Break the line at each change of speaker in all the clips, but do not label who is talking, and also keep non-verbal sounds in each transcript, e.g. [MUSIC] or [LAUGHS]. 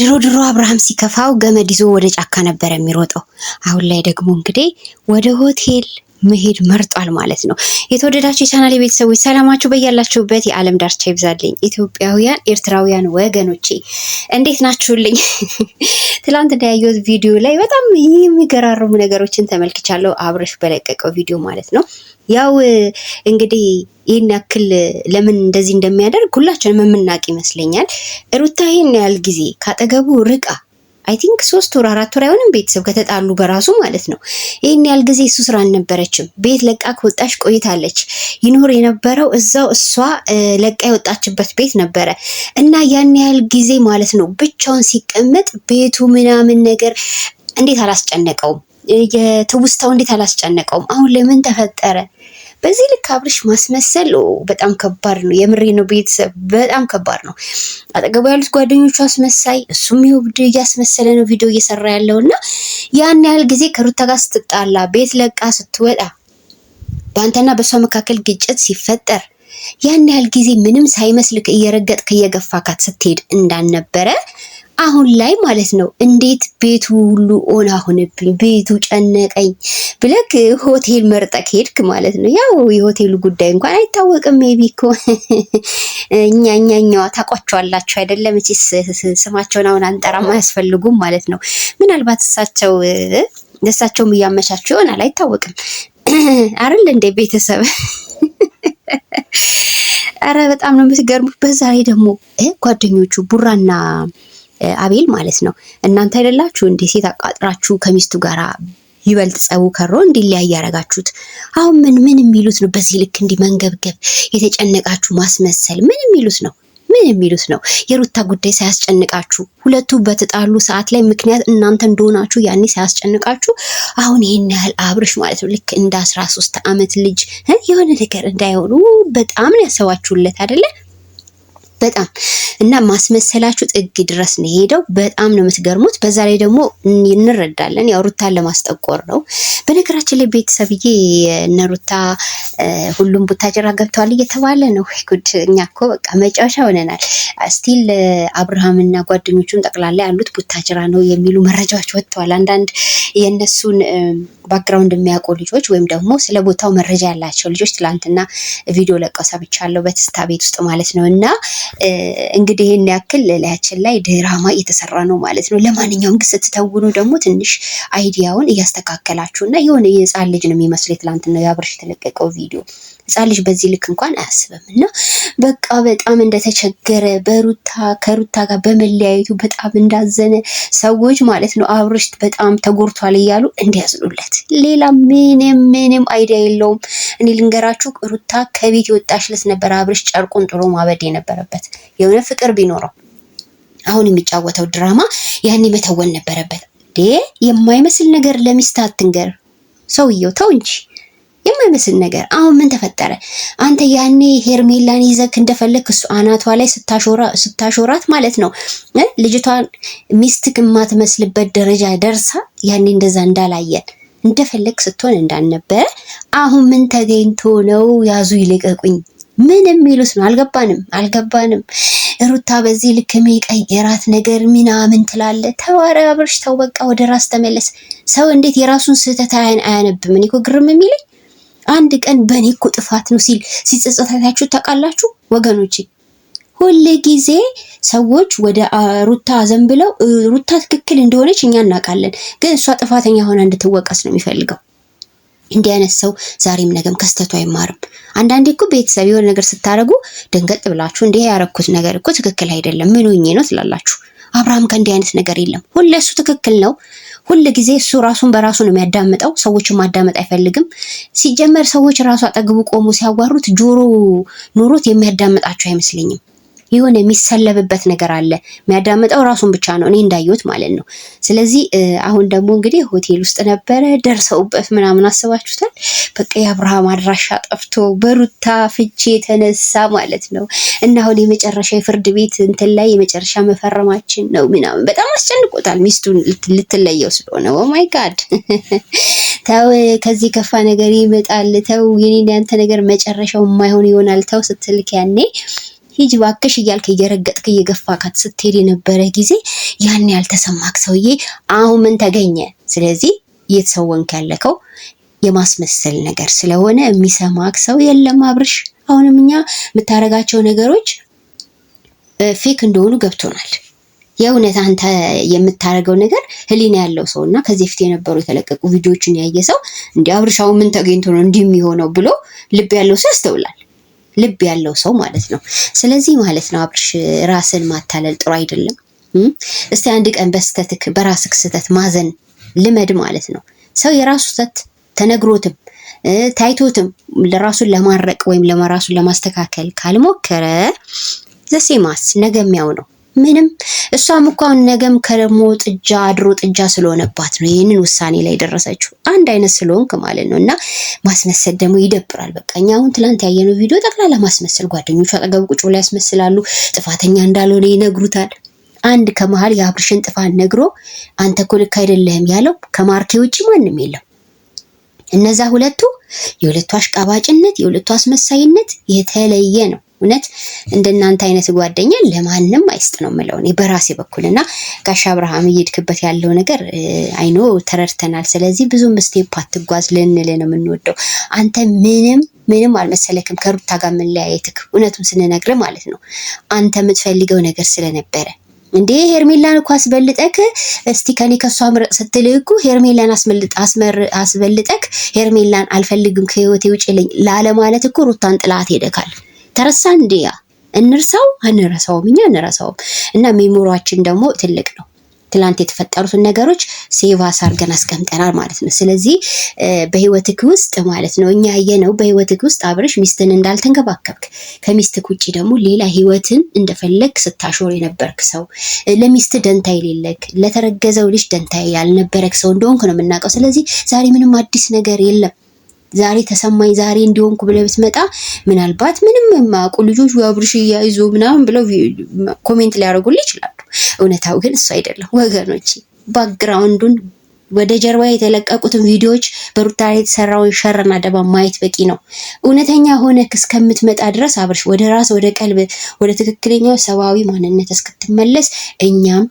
ድሮ ድሮ አብርሃም ሲከፋው ገመድ ይዞ ወደ ጫካ ነበር የሚሮጠው። አሁን ላይ ደግሞ እንግዲህ ወደ ሆቴል መሄድ መርጧል ማለት ነው። የተወደዳችሁ የቻናሌ ቤተሰቦች ሰላማችሁ በያላችሁበት የዓለም ዳርቻ ይብዛልኝ። ኢትዮጵያውያን ኤርትራውያን ወገኖቼ እንዴት ናችሁልኝ? [LAUGHS] ትላንት እንዳያየሁት ቪዲዮ ላይ በጣም የሚገራርሙ ነገሮችን ተመልክቻለሁ። አብረሽ በለቀቀው ቪዲዮ ማለት ነው። ያው እንግዲህ ይህን ያክል ለምን እንደዚህ እንደሚያደርግ ሁላችንም የምናውቅ ይመስለኛል። ሩታ ይህን ያህል ጊዜ ካጠገቡ ርቃ አይ ቲንክ ሶስት ወር አራት ወር አይሆንም ቤተሰብ ከተጣሉ በራሱ ማለት ነው። ይህን ያህል ጊዜ እሱ ስራ አልነበረችም። ቤት ለቃ ከወጣች ቆይታለች። ይኖር የነበረው እዛው እሷ ለቃ የወጣችበት ቤት ነበረ እና ያን ያህል ጊዜ ማለት ነው ብቻውን ሲቀመጥ ቤቱ ምናምን ነገር እንዴት አላስጨነቀውም? የትውስታው እንዴት አላስጨነቀውም? አሁን ለምን ተፈጠረ? በዚህ ልክ አብርሽ ማስመሰል በጣም ከባድ ነው። የምሬ ነው ቤተሰብ፣ በጣም ከባድ ነው። አጠገቡ ያሉት ጓደኞቹ አስመሳይ፣ እሱም ይውድ እያስመሰለ ነው ቪዲዮ እየሰራ ያለው እና ያን ያህል ጊዜ ከሩታ ጋር ስትጣላ ቤት ለቃ ስትወጣ በአንተና በእሷ መካከል ግጭት ሲፈጠር ያን ያህል ጊዜ ምንም ሳይመስልክ እየረገጥክ እየገፋካት ስትሄድ እንዳልነበረ አሁን ላይ ማለት ነው እንዴት ቤቱ ሁሉ ኦና ሆነብኝ፣ ቤቱ ጨነቀኝ ብለክ ሆቴል መርጠክ ሄድክ ማለት ነው። ያው የሆቴሉ ጉዳይ እንኳን አይታወቅም። ሜቢ እኮ [LAUGHS] እኛ እኛኛዋ ታቋቸዋላቸው አይደለም። ስማቸውን አሁን አንጠራም፣ አያስፈልጉም ማለት ነው። ምናልባት እሳቸው እሳቸውም እያመቻቸው ይሆናል፣ አይታወቅም። [CLEARS THROAT] አረል እንደ ቤተሰብ [LAUGHS] አረ በጣም ነው የምትገርሙት። በዛ ላይ ደግሞ ጓደኞቹ ቡራና አቤል ማለት ነው። እናንተ አይደላችሁ እንዴ ሴት አቃጥራችሁ ከሚስቱ ጋር ይበልጥ ጸቡ ከሮ እንዲለያይ ያደረጋችሁት? አሁን ምን ምን የሚሉት ነው? በዚህ ልክ እንዲህ መንገብገብ፣ የተጨነቃችሁ ማስመሰል ምን የሚሉት ነው? ምን የሚሉት ነው? የሩታ ጉዳይ ሳያስጨንቃችሁ ሁለቱ በተጣሉ ሰዓት ላይ ምክንያት እናንተ እንደሆናችሁ ያኔ ሳያስጨንቃችሁ፣ አሁን ይህን ያህል አብርሽ ማለት ነው ልክ እንደ አስራ ሶስት ዓመት ልጅ የሆነ ነገር እንዳይሆኑ በጣም ነው ያሰባችሁለት አይደለ? በጣም እና ማስመሰላችሁ ጥግ ድረስ ነው የሄደው። በጣም ነው የምትገርሙት። በዛ ላይ ደግሞ እንረዳለን፣ ያው ሩታን ለማስጠቆር ነው። በነገራችን ላይ ቤተሰብዬ እነ ሩታ ሁሉም ቡታጀራ ገብተዋል እየተባለ ነው። ጉድ! እኛ እኮ በቃ መጫወቻ ሆነናል። ስቲል አብርሃምና ጓደኞቹም ጠቅላላ ያሉት ቡታጀራ ነው የሚሉ መረጃዎች ወጥተዋል። አንዳንድ የእነሱን ባክግራውንድ የሚያውቁ ልጆች ወይም ደግሞ ስለ ቦታው መረጃ ያላቸው ልጆች ትላንትና ቪዲዮ ለቀው ሰብቻለሁ፣ በትስታ ቤት ውስጥ ማለት ነው እና እንግዲህ ይህን ያክል ላያችን ላይ ድራማ እየተሰራ ነው ማለት ነው። ለማንኛውም ግን ስትተውኑ ደግሞ ትንሽ አይዲያውን እያስተካከላችሁ እና የሆነ የህፃን ልጅ ነው የሚመስለው የትላንትና የአብርሽ የተለቀቀው ቪዲዮ ህፃን ልጅ በዚህ ልክ እንኳን አያስብም። እና በቃ በጣም እንደተቸገረ በሩታ ከሩታ ጋር በመለያየቱ በጣም እንዳዘነ ሰዎች ማለት ነው አብርሽ በጣም ተጎድቷል እያሉ እንዲያዝኑለት። ሌላ ምንም ምንም አይዲያ የለውም። እኔ ልንገራችሁ፣ ሩታ ከቤት የወጣች ዕለት ነበር አብርሽ ጨርቁን ጥሎ ማበድ የነበረበት የሆነ ፍቅር ቢኖረው አሁን የሚጫወተው ድራማ ያኔ መተወን ነበረበት። የማይመስል ነገር ለሚስት አትንገር። ሰውየው ተው እንጂ የማይመስል ነገር። አሁን ምን ተፈጠረ? አንተ ያኔ ሄርሜላን ይዘክ እንደፈለክ እሱ አናቷ ላይ ስታሾራት ማለት ነው ልጅቷን ሚስትክ የማትመስልበት ደረጃ ደርሳ ያኔ እንደዛ እንዳላየን እንደፈለግ ስትሆን እንዳልነበረ አሁን ምን ተገኝቶ ነው? ያዙ ይልቀቁኝ ምን የሚሉት ነው? አልገባንም አልገባንም። ሩታ በዚህ ልክ የሚቀየራት ነገር ምናምን ትላለ። ተዋረ አብርሽ ተው፣ በቃ ወደ ራስ ተመለስ። ሰው እንዴት የራሱን ስህተት አያነብም? እኔ እኮ ግርም የሚለኝ አንድ ቀን በእኔ እኮ ጥፋት ነው ሲል ሲጸጸታችሁ ታውቃላችሁ ወገኖች? ሁል ጊዜ ሰዎች ወደ ሩታ ዘንብለው ሩታ ትክክል እንደሆነች እኛ እናውቃለን፣ ግን እሷ ጥፋተኛ ሆና እንድትወቀስ ነው የሚፈልገው። እንዲህ አይነት ሰው ዛሬም ነገም ከስተቱ አይማርም። አንዳንዴ እኮ ቤተሰብ የሆነ ነገር ስታደርጉ ደንገጥ ብላችሁ እንዲህ ያረኩት ነገር እኮ ትክክል አይደለም ምን ሆኜ ነው ትላላችሁ። አብርሃም ከእንዲህ አይነት ነገር የለም። ሁሉ እሱ ትክክል ነው ሁል ጊዜ እሱ ራሱን በራሱ ነው የሚያዳምጠው። ሰዎችን ማዳመጥ አይፈልግም። ሲጀመር ሰዎች ራሱ አጠገቡ ቆሞ ሲያዋሩት ጆሮ ኑሮት የሚያዳምጣቸው አይመስለኝም። የሆነ የሚሰለብበት ነገር አለ። የሚያዳምጠው ራሱን ብቻ ነው፣ እኔ እንዳየሁት ማለት ነው። ስለዚህ አሁን ደግሞ እንግዲህ ሆቴል ውስጥ ነበረ ደርሰውበት ምናምን አስባችሁታል። በቃ የአብርሃም አድራሻ ጠፍቶ በሩታ ፍቺ የተነሳ ማለት ነው። እና አሁን የመጨረሻ የፍርድ ቤት እንትን ላይ የመጨረሻ መፈረማችን ነው ምናምን በጣም አስጨንቆታል። ሚስቱን ልትለየው ስለሆነ ኦማይ oh ጋድ [LAUGHS] ተው ከዚህ ከፋ ነገር ይመጣል። ተው የኔ ያንተ ነገር መጨረሻው የማይሆን ይሆናል። ተው ስትልክ ያኔ ሂጅ ባክሽ እያልክ እየረገጥክ እየገፋካት ስትሄድ የነበረ ጊዜ ያን ያልተሰማክ ሰውዬ አሁን ምን ተገኘ? ስለዚህ እየተሰወንክ ያለከው የማስመሰል ነገር ስለሆነ የሚሰማክ ሰው የለም አብርሽ። አሁንም እኛ የምታደርጋቸው ነገሮች ፌክ እንደሆኑ ገብቶናል። የእውነት አንተ የምታደርገው ነገር ህሊና ያለው ሰው እና ከዚህ ፊት የነበሩ የተለቀቁ ቪዲዮዎችን ያየ ሰው እንዲህ አብርሻው ምን ተገኝቶ ነው እንዲህ የሚሆነው ብሎ ልብ ያለው ሰው ያስተውላል። ልብ ያለው ሰው ማለት ነው። ስለዚህ ማለት ነው አብርሽ ራስን ማታለል ጥሩ አይደለም። እስቲ አንድ ቀን በስተትክ በራስክ ስህተት ማዘን ልመድ ማለት ነው። ሰው የራሱ ስህተት ተነግሮትም ታይቶትም ለራሱን ለማረቅ ወይም ለራሱን ለማስተካከል ካልሞከረ ዘሴማስ ነገ የሚያው ነው። ምንም እሷም እኮ አሁን ነገም ከደግሞ ጥጃ አድሮ ጥጃ ስለሆነባት ነው ይህንን ውሳኔ ላይ ደረሰችው። አንድ አይነት ስለሆንክ ማለት ነው። እና ማስመሰል ደግሞ ይደብራል። በቃ እኛ አሁን ትላንት ያየነው ቪዲዮ ጠቅላላ ማስመሰል፣ ጓደኞቹ አጠገብ ቁጭ ብላ ያስመስላሉ፣ ጥፋተኛ እንዳልሆነ ይነግሩታል። አንድ ከመሀል የአብርሽን ጥፋት ነግሮ አንተ እኮ ልክ አይደለህም ያለው ከማርኬ ውጭ ማንም የለም። እነዛ ሁለቱ የሁለቱ አሽቃባጭነት፣ የሁለቱ አስመሳይነት የተለየ ነው። እውነት እንደናንተ አይነት ጓደኛ ለማንም አይስጥ ነው የምለው እኔ በራሴ በኩል እና ጋሽ አብርሃም እየሄድክበት ያለው ነገር አይኖ ተረድተናል። ስለዚህ ብዙም ስቴፕ አትጓዝ ልንል ነው የምንወደው። አንተ ምንም ምንም አልመሰለክም ከሩታ ጋር መለያየትክ፣ እውነቱን ስንነግር ማለት ነው አንተ የምትፈልገው ነገር ስለነበረ እንዴ ሄርሜላን እኮ አስበልጠክ እስቲ ከኔ ከእሷ ምረጥ ስትል እኮ ሄርሜላን አስበልጠክ ሄርሜላን አልፈልግም ከህይወቴ ውጭ ለኝ ላለ እኮ ሩታን ጥላት ሄደካል። ተረሳ እንዴ? ያ እንርሳው አንረሳውም፣ እኛ አንረሳውም። እና ሜሞሪያችን ደግሞ ትልቅ ነው። ትላንት የተፈጠሩትን ነገሮች ሴቫ አድርገን አስቀምጠናል ማለት ነው። ስለዚህ በህይወትክ ውስጥ ማለት ነው እኛ ያየነው በህይወትክ ውስጥ አብረሽ ሚስትን እንዳልተንከባከብክ ከሚስትክ ውጭ ደግሞ ሌላ ህይወትን እንደፈለግ ስታሾር የነበርክ ሰው፣ ለሚስት ደንታ የሌለክ፣ ለተረገዘው ልጅ ደንታ ያልነበረክ ሰው እንደሆንክ ነው የምናውቀው። ስለዚህ ዛሬ ምንም አዲስ ነገር የለም። ዛሬ ተሰማኝ ዛሬ እንዲሆንኩ ብለ ብትመጣ ምናልባት ምንም የማያውቁ ልጆች አብርሽ እያይዞ ምናምን ብለው ኮሜንት ሊያደርጉልህ ይችላሉ። እውነታው ግን እሱ አይደለም ወገኖች። ባክግራውንዱን ወደ ጀርባ የተለቀቁትን ቪዲዮዎች በሩታ ላይ የተሰራውን ሸርና ደባ ማየት በቂ ነው። እውነተኛ ሆነ እስከምትመጣ ድረስ አብርሽ ወደ ራስ ወደ ቀልብ ወደ ትክክለኛው ሰብአዊ ማንነት እስክትመለስ እኛም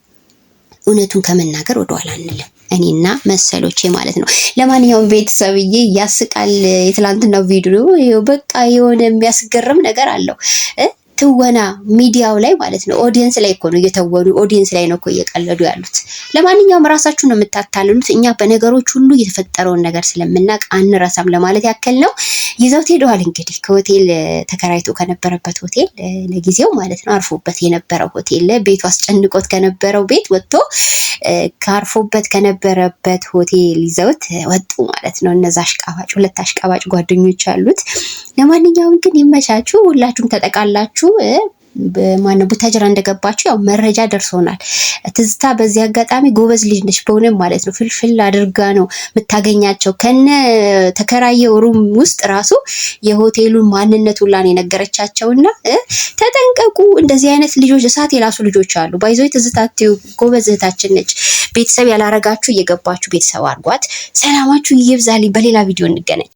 እውነቱን ከመናገር ወደኋላ አንልም። እኔና መሰሎቼ ማለት ነው። ለማንኛውም ቤተሰብዬ ያስቃል። የትላንትናው ቪዲዮ በቃ የሆነ የሚያስገርም ነገር አለው። ትወና ሚዲያው ላይ ማለት ነው። ኦዲየንስ ላይ እኮ ነው እየተወኑ ኦዲየንስ ላይ ነው እኮ እየቀለዱ ያሉት። ለማንኛውም ራሳችሁ ነው የምታታልሉት። እኛ በነገሮች ሁሉ የተፈጠረውን ነገር ስለምናቅ አንረሳም ለማለት ያክል ነው። ይዘውት ሄደዋል እንግዲህ ከሆቴል ተከራይቶ ከነበረበት ሆቴል ለጊዜው ማለት ነው አርፎበት የነበረው ሆቴል ቤቱ አስጨንቆት ከነበረው ቤት ወጥቶ ካርፎበት ከነበረበት ሆቴል ይዘውት ወጡ ማለት ነው። እነዚ አሽቃባጭ ሁለት አሽቃባጭ ጓደኞች አሉት። ለማንኛውም ግን ይመቻችሁ። ሁላችሁም ተጠቃላችሁ እንደገባችሁ ማነው ቡታጅራ እንደገባችሁ ያው መረጃ ደርሶናል። ትዝታ በዚህ አጋጣሚ ጎበዝ ልጅ ነች በእውነት ማለት ነው። ፍልፍል አድርጋ ነው የምታገኛቸው። ከነ ተከራየው ሩም ውስጥ ራሱ የሆቴሉን ማንነት ሁላን የነገረቻቸውና ተጠንቀቁ፣ እንደዚህ አይነት ልጆች እሳት የላሱ ልጆች አሉ። ባይዞ ትዝታ ጎበዝ እህታችን ነች። ቤተሰብ ያላረጋችሁ እየገባችሁ ቤተሰብ አድርጓት። ሰላማችሁ ይብዛልኝ። በሌላ ቪዲዮ እንገናኝ።